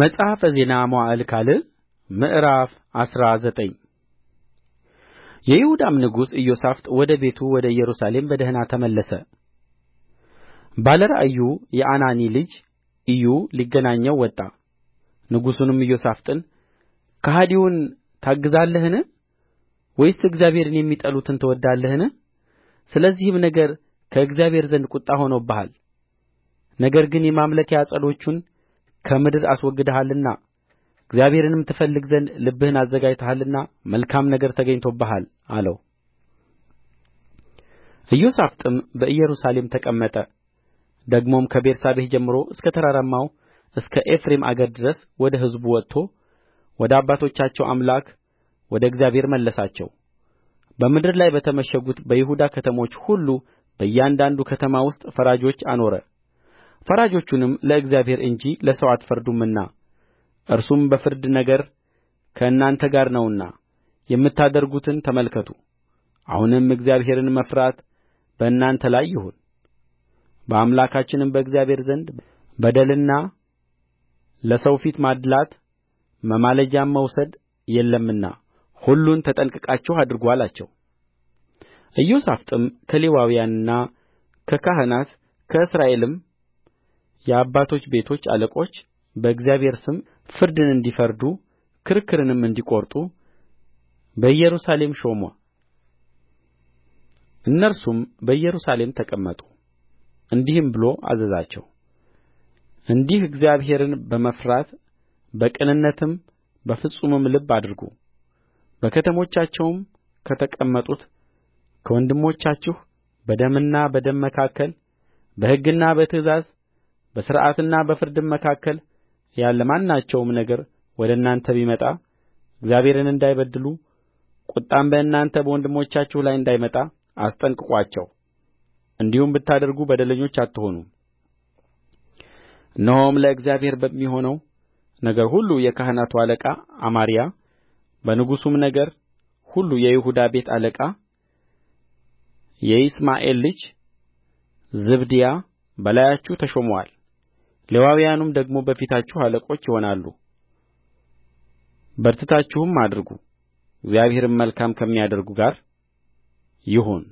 መጽሐፈ ዜና መዋዕል ካልዕ ምዕራፍ አስራ ዘጠኝ የይሁዳም ንጉሥ ኢዮሣፍጥ ወደ ቤቱ ወደ ኢየሩሳሌም በደኅና ተመለሰ። ባለ ራእዩ የአናኒ ልጅ ኢዩ ሊገናኘው ወጣ። ንጉሡንም ኢዮሣፍጥን ከሃዲውን ታግዛለህን? ወይስ እግዚአብሔርን የሚጠሉትን ትወዳለህን? ስለዚህም ነገር ከእግዚአብሔር ዘንድ ቍጣ ሆኖብሃል። ነገር ግን የማምለኪያ ዐፀዶቹን ከምድር አስወግደሃልና እግዚአብሔርንም ትፈልግ ዘንድ ልብህን አዘጋጅተሃልና መልካም ነገር ተገኝቶብሃል አለው ኢዮሣፍጥም በኢየሩሳሌም ተቀመጠ ደግሞም ከቤርሳቤህ ጀምሮ እስከ ተራራማው እስከ ኤፍሬም አገር ድረስ ወደ ሕዝቡ ወጥቶ ወደ አባቶቻቸው አምላክ ወደ እግዚአብሔር መለሳቸው በምድር ላይ በተመሸጉት በይሁዳ ከተሞች ሁሉ በእያንዳንዱ ከተማ ውስጥ ፈራጆች አኖረ ፈራጆቹንም ለእግዚአብሔር እንጂ ለሰው አትፈርዱምና እርሱም በፍርድ ነገር ከእናንተ ጋር ነውና የምታደርጉትን ተመልከቱ አሁንም እግዚአብሔርን መፍራት በእናንተ ላይ ይሁን በአምላካችንም በእግዚአብሔር ዘንድ በደልና ለሰው ፊት ማድላት መማለጃም መውሰድ የለምና ሁሉን ተጠንቅቃችሁ አድርጉ አላቸው ኢዮሣፍጥም ከሌዋውያንና ከካህናት ከእስራኤልም የአባቶች ቤቶች አለቆች በእግዚአብሔር ስም ፍርድን እንዲፈርዱ ክርክርንም እንዲቈርጡ በኢየሩሳሌም ሾመ እነርሱም በኢየሩሳሌም ተቀመጡ እንዲህም ብሎ አዘዛቸው እንዲህ እግዚአብሔርን በመፍራት በቅንነትም በፍጹምም ልብ አድርጉ በከተሞቻቸውም ከተቀመጡት ከወንድሞቻችሁ በደምና በደም መካከል በሕግና በትእዛዝ በሥርዓትና በፍርድም መካከል ያለ ማናቸውም ነገር ወደ እናንተ ቢመጣ እግዚአብሔርን እንዳይበድሉ ቍጣም በእናንተ በወንድሞቻችሁ ላይ እንዳይመጣ አስጠንቅቁአቸው እንዲሁም ብታደርጉ በደለኞች አትሆኑም እነሆም ለእግዚአብሔር በሚሆነው ነገር ሁሉ የካህናቱ አለቃ አማርያ በንጉሡም ነገር ሁሉ የይሁዳ ቤት አለቃ የይስማኤል ልጅ ዝባድያ በላያችሁ ተሾመዋል ሌዋውያኑም ደግሞ በፊታችሁ አለቆች ይሆናሉ በርትታችሁም አድርጉ እግዚአብሔርም መልካም ከሚያደርጉ ጋር ይሁን